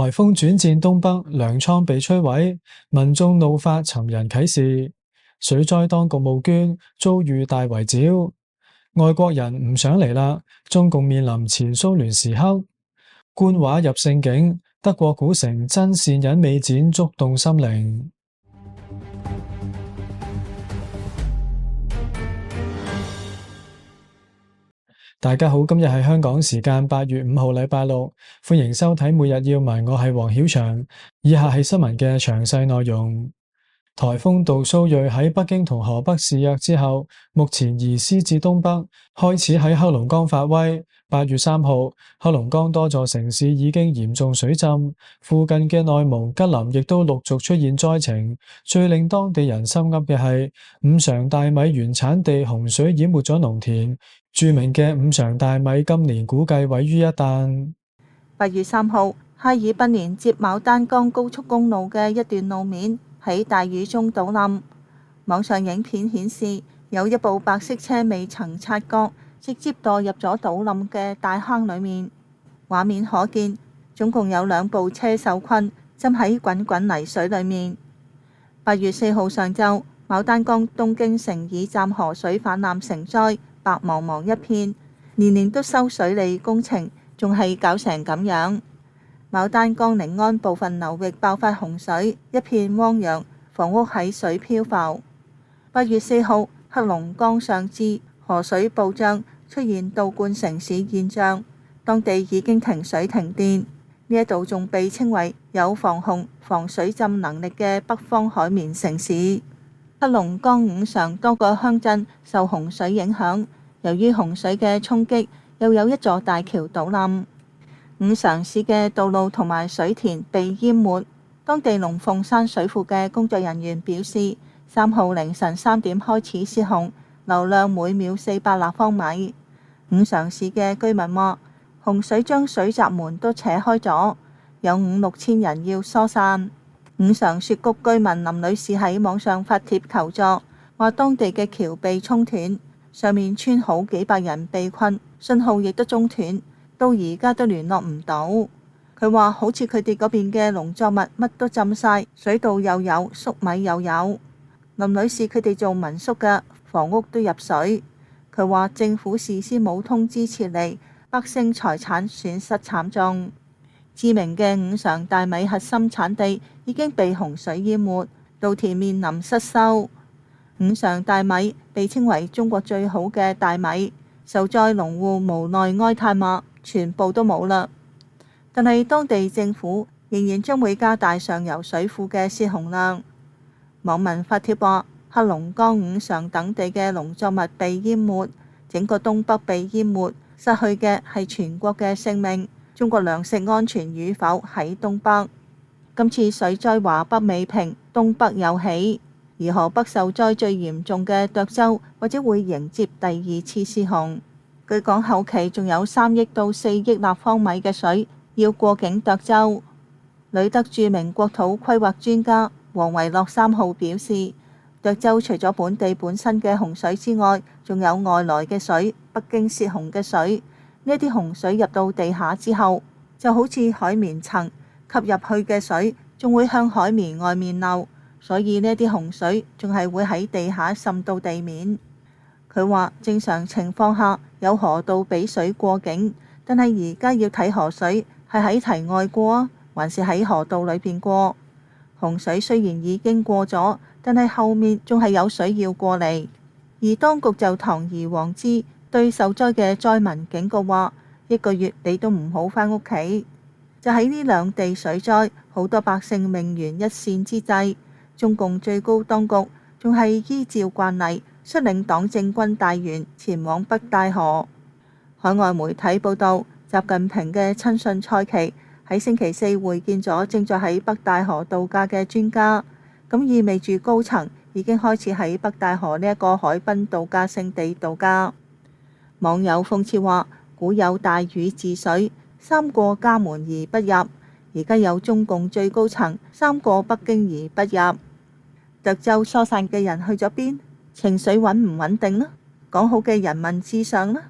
颱風轉戰東北，糧倉被摧毀，民眾怒發尋人啟事。水災當局募捐，遭遇大圍剿。外國人唔想嚟啦，中共面臨前蘇聯時刻。觀畫入聖境，德國古城真善忍美展，觸動心靈。大家好，今日係香港時間八月五號，禮拜六，歡迎收睇每日要聞。我係黃曉翔，以下係新聞嘅詳細內容。颱風杜蘇芮喺北京同河北肆虐之後，目前移師至東北，開始喺黑龍江發威。八月三號，黑龍江多座城市已經嚴重水浸，附近嘅內蒙、吉林亦都陸續出現災情。最令當地人心急嘅係五常大米原產地洪水淹沒咗農田。著名嘅五常大米今年估計毀於一旦。八月三號，哈爾濱連接牡丹江高速公路嘅一段路面喺大雨中倒冧。網上影片顯示，有一部白色車未曾察覺，直接墮入咗倒冧嘅大坑裏面。畫面可見，總共有兩部車受困，浸喺滾滾泥水裏面。八月四號上晝，牡丹江東京城以站河水氾濫成災。白茫茫一片，年年都修水利工程，仲係搞成咁樣。牡丹江寧安部分流域爆發洪水，一片汪洋，房屋喺水漂浮。八月四號，黑龍江上支河水暴漲，出現倒灌城市現象，當地已經停水停電。呢一度仲被稱為有防洪防水浸能力嘅北方海綿城市。黑龍江五常多個鄉鎮受洪水影響。由於洪水嘅衝擊，又有一座大橋倒冧，五常市嘅道路同埋水田被淹沒。當地龍鳳山水庫嘅工作人員表示，三號凌晨三點開始洩洪，流量每秒四百立方米。五常市嘅居民話，洪水將水閘門都扯開咗，有五六千人要疏散。五常雪谷居民林女士喺網上發帖求助，話當地嘅橋被沖斷。上面村好幾百人被困，信號亦都中斷，到而家都聯絡唔到。佢話好似佢哋嗰邊嘅農作物乜都浸晒，水稻又有，粟米又有。林女士佢哋做民宿嘅，房屋都入水。佢話政府事先冇通知撤離，百姓財產損失慘重。知名嘅五常大米核心產地已經被洪水淹沒，稻田面臨失收。五常大米被稱為中國最好嘅大米，受災農戶無奈哀嘆話：全部都冇啦。但係當地政府仍然將會加大上游水庫嘅洩洪量。網民發帖話：黑龍江五常等地嘅農作物被淹沒，整個東北被淹沒，失去嘅係全國嘅性命。中國糧食安全與否喺東北？今次水災華北未平，東北又起。而河北受災最嚴重嘅涿州，或者會迎接第二次泄洪。據講，後期仲有三億到四億立方米嘅水要過境涿州。旅德著名國土規劃專家王維洛三號表示，涿州除咗本地本身嘅洪水之外，仲有外來嘅水，北京泄洪嘅水。呢啲洪水入到地下之後，就好似海綿層吸入去嘅水，仲會向海綿外面流。所以呢啲洪水仲係會喺地下滲到地面。佢話正常情況下有河道俾水過境，但係而家要睇河水係喺堤外過啊，還是喺河道裏邊過。洪水雖然已經過咗，但係後面仲係有水要過嚟。而當局就堂而皇之對受災嘅災民警告話一個月你都唔好返屋企。就喺呢兩地水災好多百姓命懸一線之際。中共最高當局仲係依照慣例，率領黨政軍大員前往北戴河。海外媒體報道，習近平嘅親信蔡奇喺星期四會見咗正在喺北戴河度假嘅專家，咁意味住高層已經開始喺北戴河呢一個海濱度假勝地度假。網友諷刺話古有大禹治水，三過家門而不入；而家有中共最高層三過北京而不入。涿州疏散嘅人去咗邊，情緒穩唔穩定呢？講好嘅人民至上呢？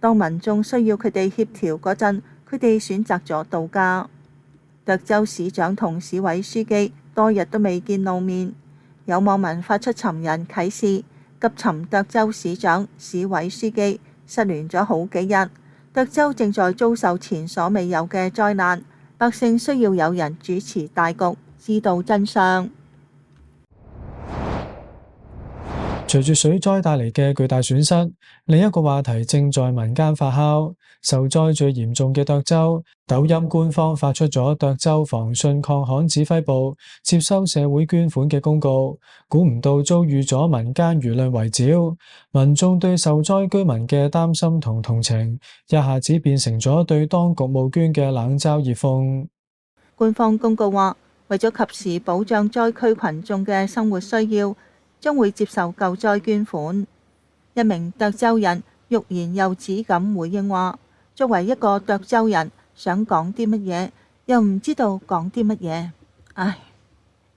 當民眾需要佢哋協調嗰陣，佢哋選擇咗度假。涿州市長同市委書記多日都未見露面，有網民發出尋人啟事，急尋涿州市長市委書記失聯咗好幾日。涿州正在遭受前所未有嘅災難，百姓需要有人主持大局，知道真相。隨住水災帶嚟嘅巨大損失，另一個話題正在民間發酵。受災最嚴重嘅涿州，抖音官方發出咗涿州防汛抗旱指揮部接收社會捐款嘅公告。估唔到遭遇咗民間輿論圍剿，民眾對受災居民嘅擔心同同情，一下子變成咗對當局募捐嘅冷嘲熱諷。官方公告話，為咗及時保障災區群眾嘅生活需要。將會接受救災捐款。一名德州人欲言又止咁回應話：，作為一個德州人，想講啲乜嘢又唔知道講啲乜嘢。唉，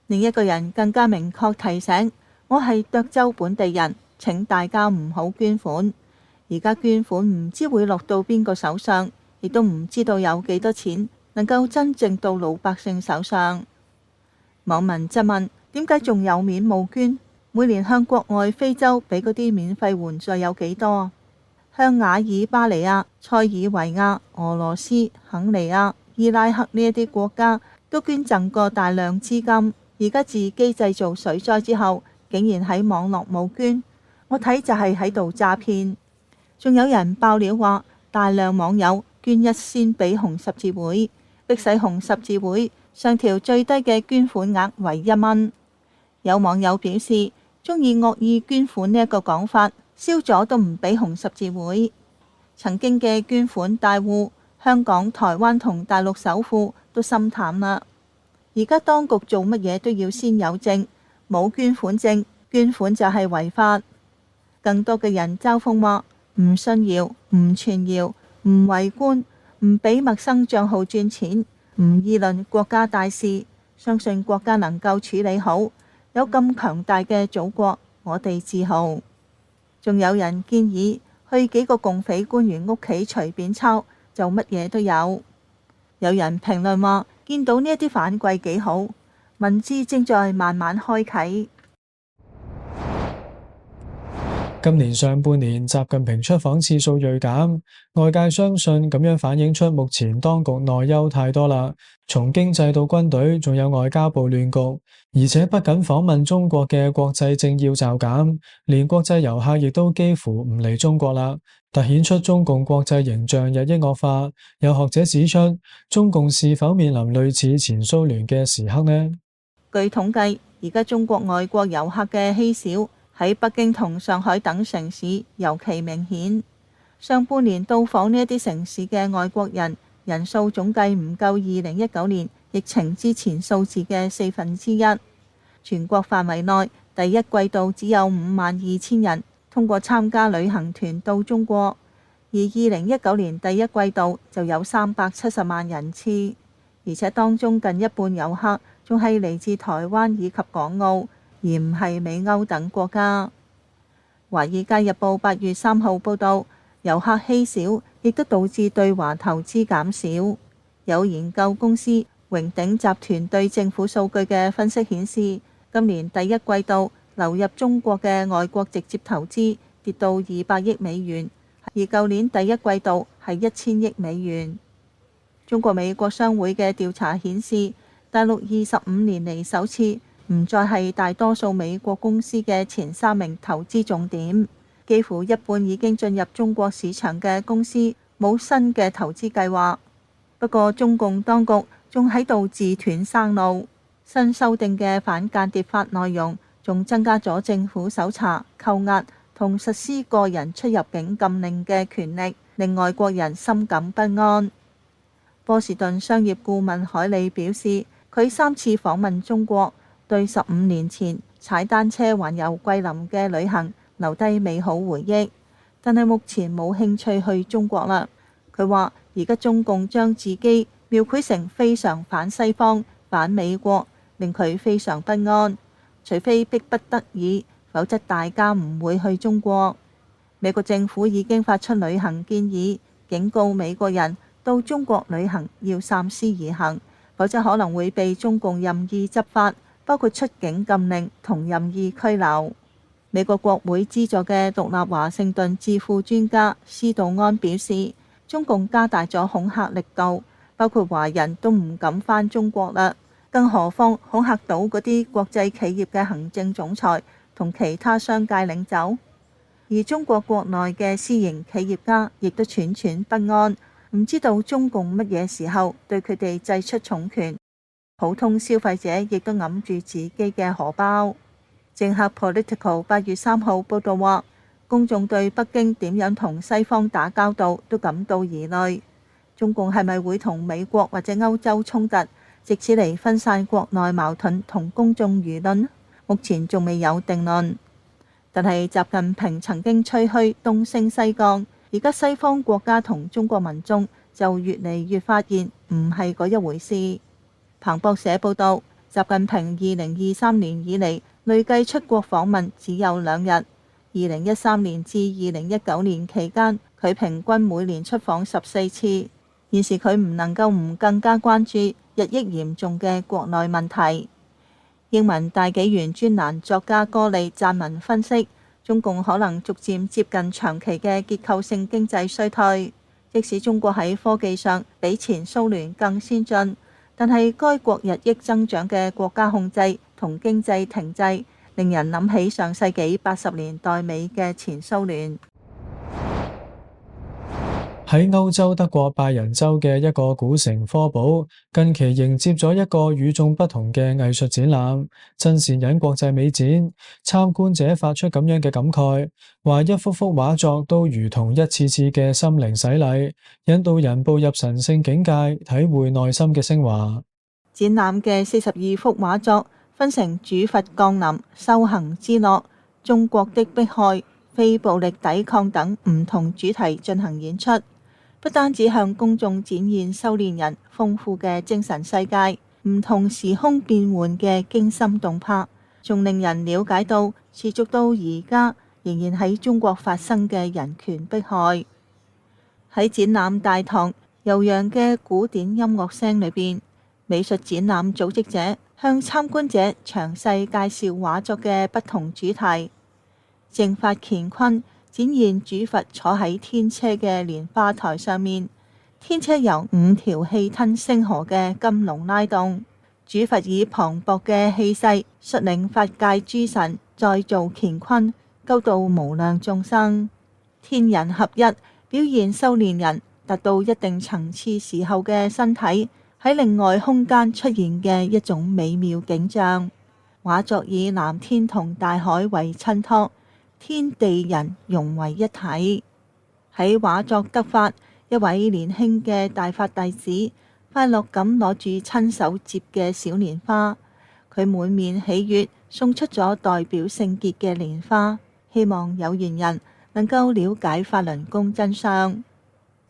另一個人更加明確提醒我係德州本地人，請大家唔好捐款。而家捐款唔知會落到邊個手上，亦都唔知道有幾多錢能夠真正到老百姓手上。網民質問：，點解仲有面募捐？每年向國外非洲俾嗰啲免費援助有幾多啊？向阿爾巴尼亞、塞爾維亞俄羅斯、肯尼亞、伊拉克呢一啲國家都捐贈過大量資金。而家自己製造水災之後竟然喺網絡募捐，我睇就係喺度詐騙，仲有人爆料話大量網友捐一先俾紅十字會，迫使紅十字會上調最低嘅捐款額為一蚊。有網友表示。中意惡意捐款呢一個講法，燒咗都唔俾紅十字會。曾經嘅捐款大戶，香港、台灣同大陸首富都心淡啦。而家當局做乜嘢都要先有證，冇捐款證，捐款就係違法。更多嘅人嘲諷話：唔信謠、唔傳謠、唔圍觀、唔俾陌生賬號轉錢、唔議論國家大事，相信國家能夠處理好。有咁強大嘅祖國，我哋自豪。仲有人建議去幾個共匪官員屋企隨便抄，就乜嘢都有。有人評論話：見到呢一啲反季幾好，民智正在慢慢開啟。今年上半年，習近平出訪次數銳減，外界相信咁樣反映出目前當局內憂太多啦，從經濟到軍隊，仲有外交部亂局，而且不僅訪問中國嘅國際政要驟減，連國際遊客亦都幾乎唔嚟中國啦，凸顯出中共國際形象日益惡化。有學者指出，中共是否面臨類似前蘇聯嘅時刻呢？據統計，而家中國外國遊客嘅稀少。喺北京同上海等城市尤其明顯，上半年到訪呢一啲城市嘅外國人人數總計唔夠二零一九年疫情之前數字嘅四分之一。全國範圍內第一季度只有五萬二千人通過參加旅行團到中國，而二零一九年第一季度就有三百七十萬人次，而且當中近一半遊客仲係嚟自台灣以及港澳。而唔係美歐等國家，《華爾街日報》八月三號報導，遊客稀少，亦都導致對華投資減少。有研究公司榮鼎集團對政府數據嘅分析顯示，今年第一季度流入中國嘅外國直接投資跌到二百億美元，而舊年第一季度係一千億美元。中國美國商會嘅調查顯示，大陸二十五年嚟首次。唔再係大多數美國公司嘅前三名投資重點，幾乎一半已經進入中國市場嘅公司冇新嘅投資計劃。不過，中共當局仲喺度自斷生路，新修訂嘅反間諜法內容仲增加咗政府搜查、扣押同實施個人出入境禁令嘅權力，令外國人深感不安。波士頓商業顧問海利表示，佢三次訪問中國。對十五年前踩單車環遊桂林嘅旅行留低美好回憶，但係目前冇興趣去中國啦。佢話：而家中共將自己描繪成非常反西方、反美國，令佢非常不安。除非逼不得已，否則大家唔會去中國。美國政府已經發出旅行建議，警告美國人到中國旅行要三思而行，否則可能會被中共任意執法。包括出境禁令同任意拘留。美國國會資助嘅獨立華盛頓智庫專家施道安表示，中共加大咗恐嚇力度，包括華人都唔敢返中國啦，更何況恐嚇到嗰啲國際企業嘅行政總裁同其他商界領袖。而中國國內嘅私營企業家亦都惴惴不安，唔知道中共乜嘢時候對佢哋祭出重拳。普通消費者亦都揞住自己嘅荷包。政客 （political） 八月三號報道話，公眾對北京點樣同西方打交道都感到疑慮。中共係咪會同美國或者歐洲衝突，借此嚟分散國內矛盾同公眾輿論？目前仲未有定論。但係習近平曾經吹噓東升西降，而家西方國家同中國民眾就越嚟越發現唔係嗰一回事。彭博社報道，習近平二零二三年以嚟累計出國訪問只有兩日。二零一三年至二零一九年期間，佢平均每年出訪十四次。現時佢唔能夠唔更加關注日益嚴重嘅國內問題。英文大紀元專欄作家哥利撰文分析，中共可能逐漸接近長期嘅結構性經濟衰退，即使中國喺科技上比前蘇聯更先進。但係，該國日益增長嘅國家控制同經濟停滯，令人諗起上世紀八十年代尾嘅前蘇聯。喺歐洲德國拜仁州嘅一個古城科堡，近期迎接咗一個與眾不同嘅藝術展覽——真善忍國際美展。參觀者發出咁樣嘅感慨：話一幅幅畫作都如同一次次嘅心靈洗禮，引導人步入神聖境界，體會內心嘅升華。展覽嘅四十二幅畫作，分成主佛降臨、修行之樂、中國的迫害、非暴力抵抗等唔同主題進行演出。不單止向公眾展現修煉人豐富嘅精神世界、唔同時空變換嘅驚心動魄，仲令人了解到持續到而家仍然喺中國發生嘅人權迫害。喺展覽大堂悠揚嘅古典音樂聲裏邊，美術展覽組織者向參觀者詳細介紹畫作嘅不同主題，正法乾坤。展現主佛坐喺天車嘅蓮花台上面，天車由五條氣吞星河嘅金龍拉動，主佛以磅礴嘅氣勢率領法界諸神再造乾坤，救度無量眾生。天人合一，表現修煉人達到一定層次時候嘅身體喺另外空間出現嘅一種美妙景象。畫作以藍天同大海為襯托。天地人融為一體，喺畫作得法一位年輕嘅大法弟子，快樂咁攞住親手折嘅小蓮花，佢滿面喜悅送出咗代表聖潔嘅蓮花，希望有緣人能夠了解法輪功真相。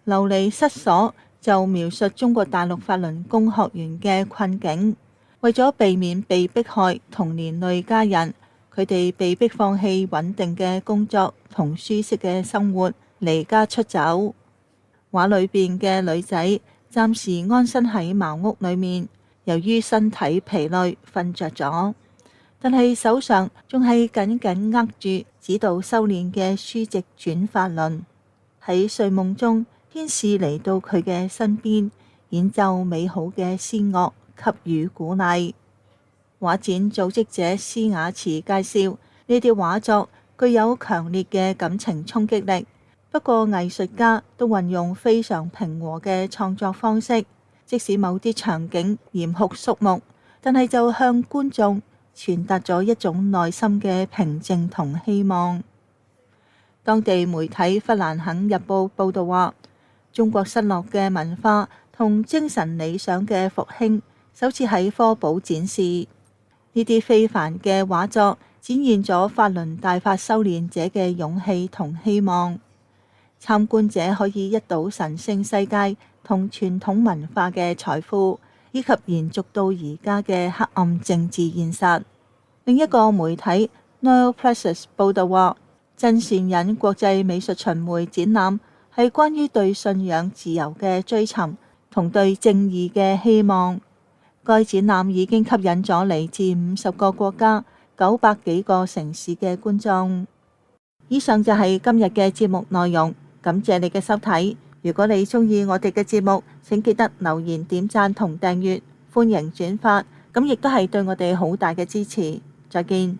流離失所就描述中國大陸法輪功學員嘅困境，為咗避免被迫害，同年累家人。佢哋被迫放棄穩定嘅工作同舒適嘅生活，離家出走。畫裏邊嘅女仔暫時安身喺茅屋裏面，由於身體疲累，瞓着咗。但係手上仲係緊緊握住指導修煉嘅書籍《轉法輪》。喺睡夢中，天使嚟到佢嘅身邊，演奏美好嘅仙樂，給予鼓勵。畫展組織者施雅慈介紹，呢啲畫作具有強烈嘅感情衝擊力，不過藝術家都運用非常平和嘅創作方式，即使某啲場景嚴酷肅穆，但係就向觀眾傳達咗一種內心嘅平靜同希望。當地媒體《弗蘭肯日報》報道話，中國失落嘅文化同精神理想嘅復興首次喺科堡展示。呢啲非凡嘅畫作展現咗法輪大法修煉者嘅勇氣同希望，參觀者可以一睹神聖世界同傳統文化嘅財富，以及延續到而家嘅黑暗政治現實。另一個媒體《Neue Presse》報道話，真善忍國際美術巡回展覽係關於對信仰自由嘅追尋同對正義嘅希望。該展覽已經吸引咗嚟自五十個國家、九百幾個城市嘅觀眾。以上就係今日嘅節目內容，感謝你嘅收睇。如果你鍾意我哋嘅節目，請記得留言、點讚同訂閱，歡迎轉發，咁亦都係對我哋好大嘅支持。再見。